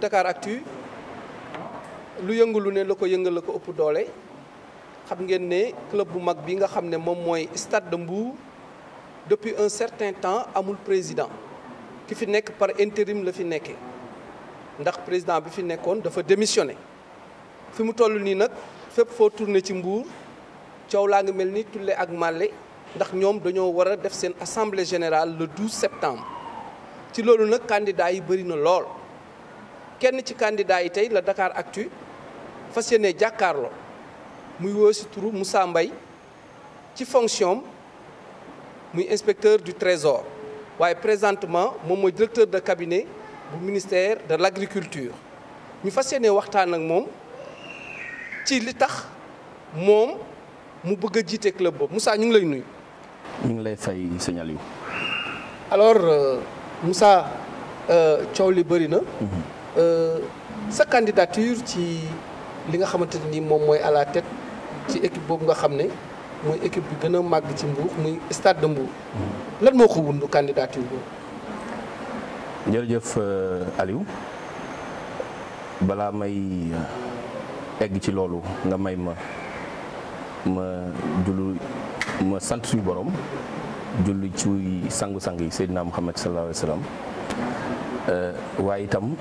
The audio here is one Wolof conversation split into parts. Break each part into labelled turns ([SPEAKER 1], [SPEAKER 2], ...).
[SPEAKER 1] ci actu lu yëngu ne lako ko lako upp ko doole xam ngeen ne club bu mag bi nga xam ne moy Stade de Mbour depuis un certain temps amul président ki fi nek par intérim la fi nekkee ndax président bi fi nekkoon dafa démissionné fi mu tollu ni nak fépp fo tourner ci Mbour ciow la nga melni Tulle ak Màlle ndax ñom dañoo wara def sen assemblée générale le 12 septembre ci lolu nak candidat yi bari na lool kenn ci candidat yi tey la Dakar Actu fas yéene jàkkaarloo muy woosi turu Moussa Mbaye ci fonction muy inspecteur du trésor waaye présentement moom mooy directeur de cabinet bu ministère de l'agriculture ñu fas yéene waxtaan
[SPEAKER 2] ak moom ci li
[SPEAKER 1] tax moom mu bëgg a jiite club boobu Moussa ñu ngi lay nuyu.
[SPEAKER 2] ñu ngi lay fay signal yu
[SPEAKER 1] alors euh, Moussa euh, coow li bëri na. Mhm. sa candidature ci li nga xamante ni moom mooy à la ci équipe boobu nga xam ne mooy équipe bi gën a màgg ci Mbour muy stade de Mbour mm-hmm. lan moo ko wundu candidature boobu.
[SPEAKER 2] jërëjëf euh, Aliou balaa may euh, egg ci loolu nga may ma ma jullu ma sant suñu borom julli ci sangu-sang yi Seydina Muhammad sallallahu alayhi wa euh, waaye itam.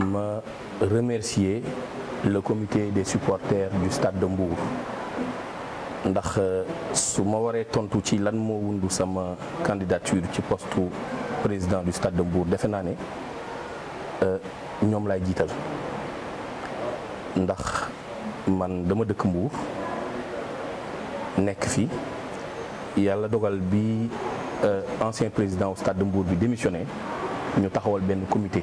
[SPEAKER 2] me remercier le comité des supporters du stade de Mbour ndax euh, su ma tontu ci lan mo wundu sama candidature ci poste président du stade de Mbour defe né euh ñom lay jital ndax man dama dëkk Mbour nek fi yalla dogal bi euh, ancien président au stade de Mbour bi démissionné ñu taxawal ben comité.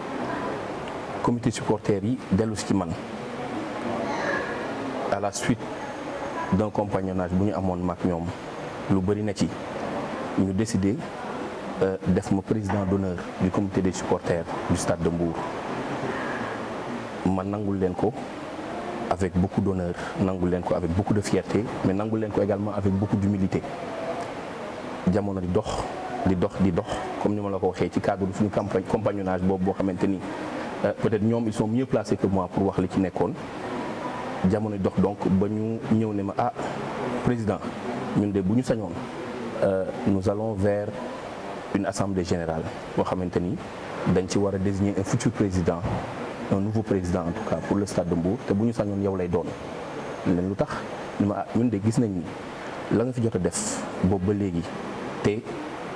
[SPEAKER 2] comité supporters yi dellu à la suite d'un compagnonnage nous avons amoon mag lu décidé euh, d'être président d'honneur du comité des supporters du stade de Mbour ma nangul avec beaucoup d'honneur avec beaucoup de fierté mais nangul également avec beaucoup d'humilité jamono di dox di dox comme nous l'avons la ko waxee ci cadre compagnonnage euh, peut-être ñom ils sont mieux placés que moi pour wax li ci nekkone jamono dox donc ba ñu ñëw ne ma ah président ñun de buñu ñu sañoon euh, nous allons vers une assemblée générale bo xamanteni dañ ci wara désigner un futur président un nouveau président en tout cas pour le stade de Mbour te buñu ñu yow lay doon leen lu ñu ah ñun de gis nañ ni la nga fi jotta def bo ba légui té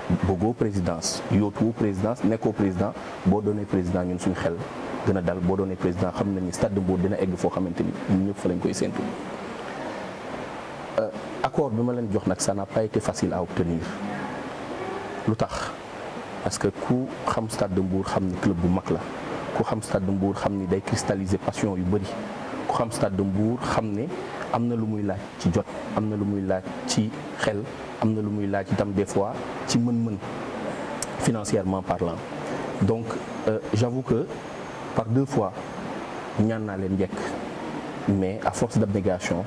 [SPEAKER 2] bëggoo présidence yootuwoo présidence néco président boo doonee président ñun suñu xel gëna dal boo président xam nañu stade Mbour dina egg fo xamanteni ñun ñëpp fa lañ koy séntu. Euh, accord bima leen jox nak ça n'a pas été facile à obtenir lutax parce que ku xam stade Mbour xam club bu mak la ku xam stade Mbour xam ni day cristalliser passion yu bari ku xam stade Mbour xam ne lu muy laaj ci jot amna lu muy laaj ci xel amna na lu muy laaj itam des fois ci mën-mën financièrement parlant donc euh, j'avoue que par deux fois ñaan na len jek mais à force d'abnégation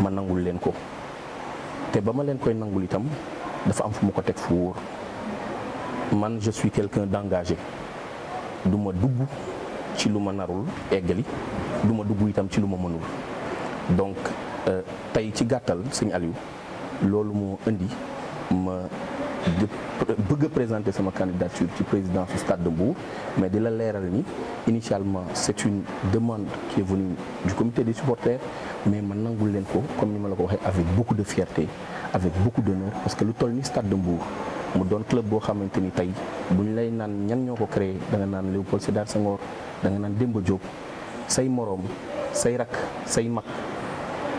[SPEAKER 2] ma nangul leen ko té bama len koy nangul itam dafa am fu ma ko teg fu man je suis quelqu'un d'engagé du ma dugg ci luma ma narul eggali du ma dugg itam ci luma mënul donc euh, tay ci gattal seigne Aliou loolu mo indi ma bëgg présenter sama candidature ci président du Stade de Mbour mais de la leeral ni initialement c'est une demande qui est venue du comité des supporters mais man nangul len ko comme ni mala ko waxe avec beaucoup de fierté avec beaucoup d'honneur parce que lu toll ni Stade de Mbour mu don club bo xamanteni tay buñ lay naan ñan ñoko créer da nga naan Léopold Sédar Senghor da nga naan Demba Diop say morom say rak say mak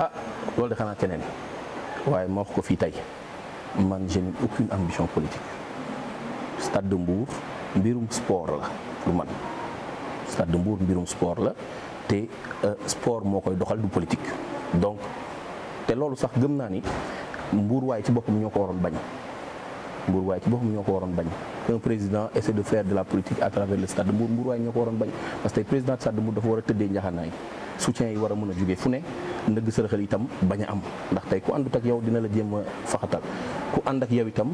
[SPEAKER 2] ah de pas je n'ai aucune ambition politique Stade de Mbour mbirum sport la Stade de Mbour mbirum sport la te euh, sport koy doxal du politique donc te ce sax je ni Mbour ci un président essaie de faire de la politique à travers le Stade de Mbour parce que président Stade de Mbour dafa des soutien yi war a mën a jóge fu ne ndëgg sërëxal itam bañ a am ndax tey ku àndut ak yow dina la jéem faxatal ku ànd ak yow itam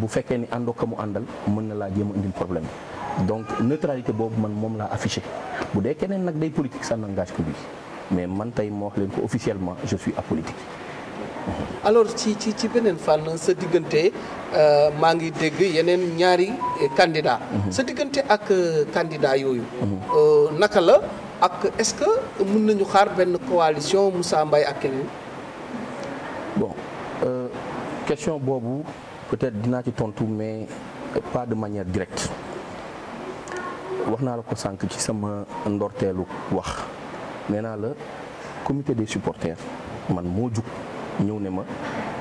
[SPEAKER 2] bu fekkee ni àndoo ka mu àndal mën na laa jéem a problème donc neutralité boobu man moom laa affiché bu dee keneen nag day politique ça n'engage que lui mais man tey moo wax leen ko officiellement je suis apolitique.
[SPEAKER 1] alors ci ci beneen fànn sa diggante euh, maa ngi dégg yeneen ñaari candidat mm-hmm. sa diggante ak euh, candidat yooyu. Mm-hmm. Euh, naka la. ak est-ce que mën nañu xaar benn coalition Moussa Mbaye ak keneen.
[SPEAKER 2] bon euh, question boobu peut-être dinaa ci tontu mais pas de manière directe wax naa la ko sànq ci sama ndorteelu wax nee naa comité des supporters man moo jug ñëw ne ma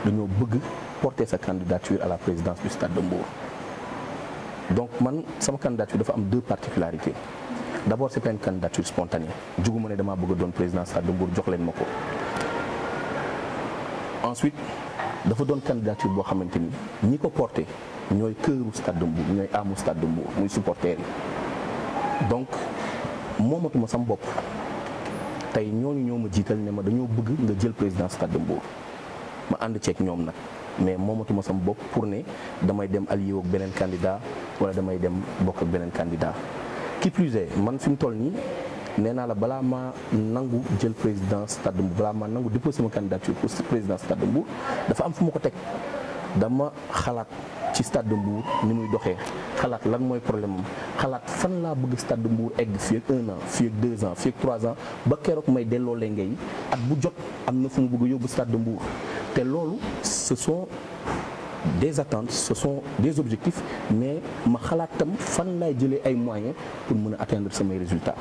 [SPEAKER 2] dañoo bëgg porter sa candidature à la présidence du Stade de Mbour donc man sama candidature dafa am deux particularités d' abord c' était une candidature spontanée juguma ne damaa bëgg a doon président Stade de Mbour ma ko. ensuite dafa doon candidature boo xamante ni ñi ko porté ñooy këru Stade de Mbour ñooy amu Stade de Mbour muy supporters donc moomatuma sam bopp tey ñooñu ñoo ma jiital ne ma dañoo bëgg nga jël président Stade de ma ànd ceeg ñoom nag mais moomatuma sam bopp pour ne damay dem allié ak beneen candidat wala damay dem bokk ak beneen candidat qui plus est man fi tolni la balama nangu jël président Stade mbou balama nangu déposé ma candidature pour ce président Stade mbou dafa am fu ko dama xalat ci Stade mbou ni muy lan moy problème xalat fan la bëgg Stade mbou egg fi 1 un an fi 2 ans fi 3 ans ba kérok may à lay ngay at bu jot am na bëgg Stade mbou té lolu ce sont des attentes ce sont des objectifs mais ma suis fan laay jëlee moyens pour atteindre ces résultats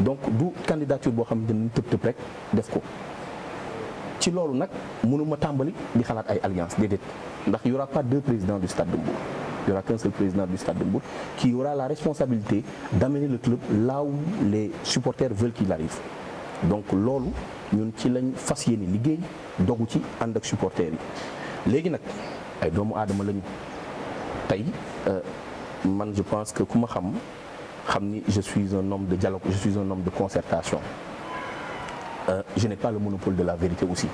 [SPEAKER 2] donc la candidature est de ne dañu rek def ko alliance aura pas deux présidents du Stade de Mbou. il y aura qu'un seul président du Stade de Mbou qui aura la responsabilité d'amener le club là où les supporters veulent qu'il arrive donc nous ñun ci lañ à liggéey dogu ci supporters ay doomu aadama lañu tey euh, man je pense que kuma xam xamni je suis un homme de dialogue je suis un homme de concertation euh, je n'ai pas le monopole de la vérité aussi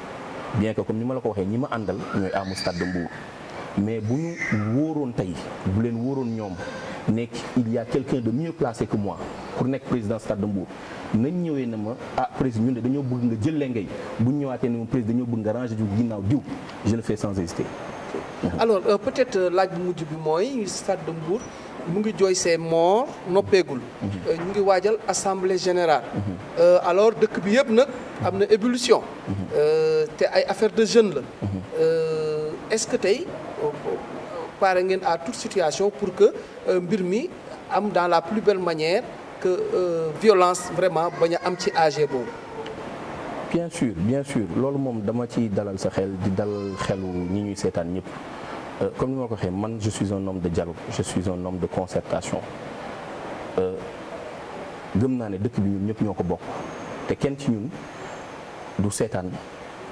[SPEAKER 2] bien que comme ni ma la ko ni ñi ma àndal ñooy amu stade de Mbour mais buñu woron tay bu len woron ñom nek il y a quelqu'un de mieux placé que moi pour nek président stade de Mbour nañ ñëwé na ma ah président ñun de bëgg nga jël ngay bu ñu ñëwaatee président dañu bëgg nga ranger ju ginnaaw diw je le fais sans hésiter
[SPEAKER 1] alors euh, peut-être que euh, bu de bi le stade de Mbour c'est mort, nous see moor noppeegul. Euh, ñu ngi assemblée générale. alors de bi yëpp a une évolution. évolution. c'est une affaire de jeunes est-ce que vous pare à toute situation pour que mbirmi dans la plus belle manière que violence vraiment bañ a am ci
[SPEAKER 2] bien sûr bien sûr loolu mom dama ci dalal sa xel di dalal xelu ñi ñuy seetaan ñëpp euh, comme ni ma ko waxee man je suis un homme de dialogue je suis un homme de concertation euh, gëm naa ne dëkk bi ñun ñep ñoko bok té kenn ci ñun du sétane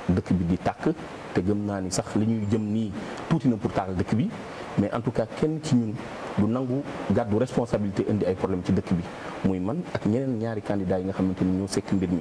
[SPEAKER 2] dëkk bi di tak té gëm naa ni sax li ñuy jëm ni tuuti na pour taal dëkk bi mais en tout cas kenn ci ñun du nangu gàddu responsabilité indi ay problème ci dëkk bi muy man ak ñeneen ñaari candidat yi nga xamanteni ñoo sekk mbir mi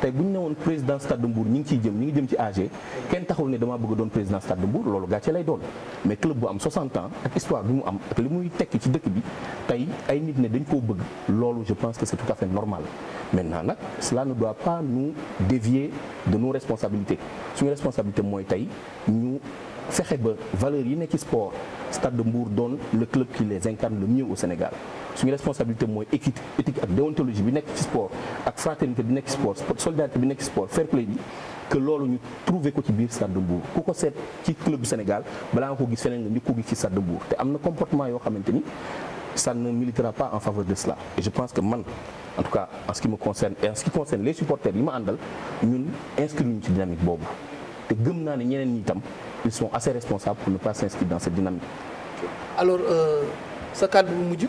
[SPEAKER 2] Si nous ñu un président Stade de Mbour ñing ci un jëm ñing jëm ci AG président Stade de Mbour lolu gatché lay doon mais club a 60 ans ak histoire de mu am ak limuy ci dëkk bi je pense que c'est tout à fait normal Mais cela ne doit pas nous dévier de nos responsabilités suñu responsabilité moy tay ñu nous ba valeurs yi nekk ci sport Stade de Mbour donne le club qui les incarne le mieux au Sénégal une responsabilité mooy équité éthique déontologie bi nekk ci sport ak fraternité bi nekk ci sport solidarité bi nekk sport fair play que l'on trouve trouvé ko ci biir Stade de Mbour club du Sénégal balaa nga ko gis feneen nga ko gis ci Stade de Mbour te amna comportement yo xamanteni ça ne militera pas en faveur de cela et je pense que man en tout cas en ce qui me concerne et en ce qui concerne les supporters yi ma andal ñun inscrit ñu ci dynamique bobu te gëm naa ne ñeneen ñi tam ils sont assez responsables pour ne pas s'inscrire dans cette dynamique alors euh, sa kàddu bu mujj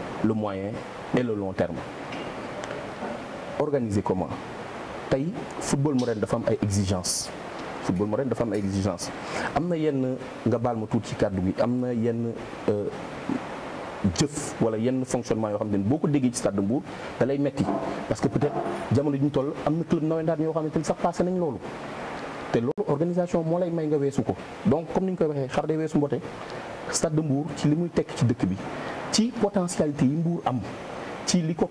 [SPEAKER 2] le moyen et le long terme organiser comment Taï football moderne dafa am ay exigence football moderne dafa am ay exigence Amna na yenn nga baal ma tuuti ci kàddu gi am euh, wala yenn fonctionnement yoo xam beaucoup boo ci stade de Mbour da lay metti parce que peut-être jamono ji ñu toll am na club nawetaan yoo xamante ni sax passé nañ loolu te loolu organisation moo lay may nga weesu ko donc comme ni ñu koy waxee xar day stade de Mbour ci li muy tekk ci dëkk bi ci potentialité yi Mbour am ci li ko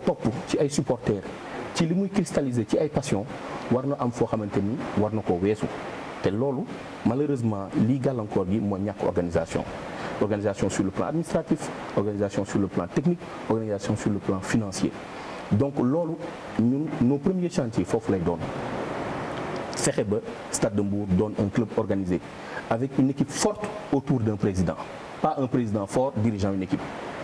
[SPEAKER 2] ci ay supporters ci li muy cristalliser ci ay passion war am fo xamanteni warna war malheureusement l'égal encore gi mo organisation organisation sur le plan administratif organisation sur le plan technique organisation sur le plan financier donc lolu ñun nos premiers chantiers foofu lay doon Stade de Mbour donne un club organisé avec une équipe forte autour d'un président pas un président fort dirigeant une équipe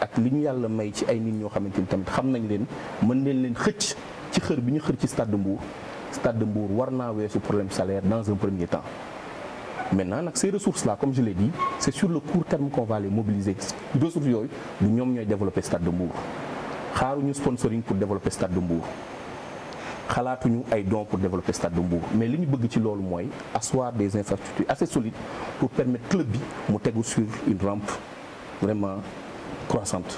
[SPEAKER 2] ak liñu yalla may ci ay nit ñoo xamanteni tamit xam nañ leen mën leen leen xëcc ci xër bi ñu xër ci stade de Mbour stade de Mbour war naa weesu problème salaire dans un premier temps maintenant nak ces ressources là comme je l'ai dit c'est sur le court terme qu'on va les mobiliser ressources yooyu du ñoom ñooy développer stade de Mbour xaaruñu sponsoring pour développer stade de Mbour xalaatuñu ay dons pour développer stade de Mbour mais li ñu bëgg ci loolu mooy asseoir des infrastructures assez solides pour permettre club bi mu tegu sur une rampe vraiment croissante.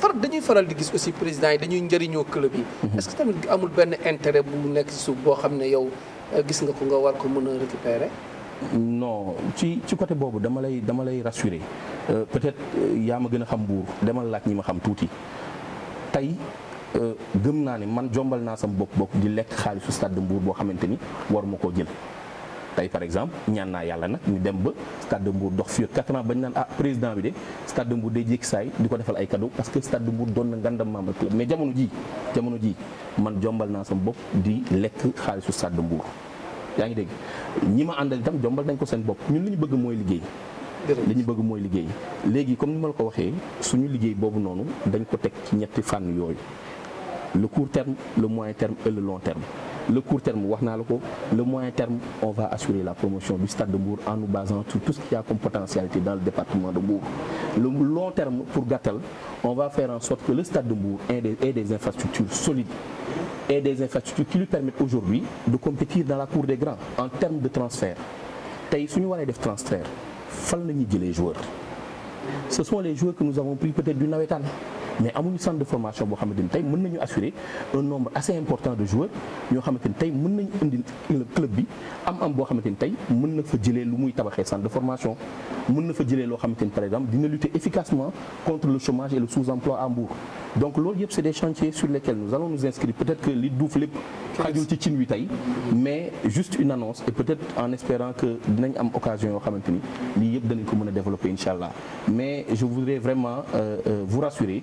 [SPEAKER 1] far dañuy faral di gis aussi président yi dañuy njëriñoo club yi. Mhm. est-ce que tamit amul benn intérêt bu nekk ci suuf boo xam ne yow euh, gis nga ko nga war ko mën a récupérer.
[SPEAKER 2] non ci ci côté boobu dama lay dama lay rassurer euh, peut-être euh, yaa ma gën a xam buur demal laaj ñi ma xam tuuti tey. gëm naa ne man jombal naa sam bopp bopp di lekk xaalisu stade de Mbour boo xamante ni war ma koo jël tey par exemple ñaan naa yàlla nag ñu dem ba Stade de dox fii ak 4 ans bañ naan ah président bi de Stade de Mbour day saay di ko defal ay cadeau parce que Stade de doon na ngandam ak club mais jamono ji jamono ji man jombal naa sama bopp di lekk xaalisu Stade de yaa ngi dégg ñi ma àndal itam jombal nañ ko seen bopp ñun li ñu bëgg mooy liggéey li bëgg mooy liggéey léegi comme ni ma la ko waxee suñu liggéey boobu noonu dañ ko teg ci ñetti fànn yooyu le court terme le moyen terme et le long terme le court terme le moyen terme on va assurer la promotion du stade de Bourg en nous basant sur tout ce qui a comme potentialité dans le département de Bourg. le long terme pour Gatel, on va faire en sorte que le stade de Bourg ait des, infrastructures solides et des infrastructures qui lui permettent aujourd'hui de compétir dans la cour des grands en termes de transfert Si joueurs ce sont les joueurs que nous avons pris peut-être du Navetal mais amuñu centre de formation bo xamanteni tay mën nañu assurer un nombre assez important de joueurs Nous xamanteni tay mën nañu indi club bi am am bo xamanteni tay tey mën na fa jëlee lu muy tabaxé centre de formation mën na fa jëlee lo xamanteni par exemple dina lutter efficacement contre le chômage et le sous-emploi à Mbour donc lool yëpp c'est des chantiers sur lesquels nous allons nous inscrire peut-être que li duuf lépp xajul ci cin wi mais juste une annonce et peut-être en espérant que dinañ am occasion yo xamanteni ni lii ko développer inshallah mais je voudrais vraiment euh, euh vous rassurer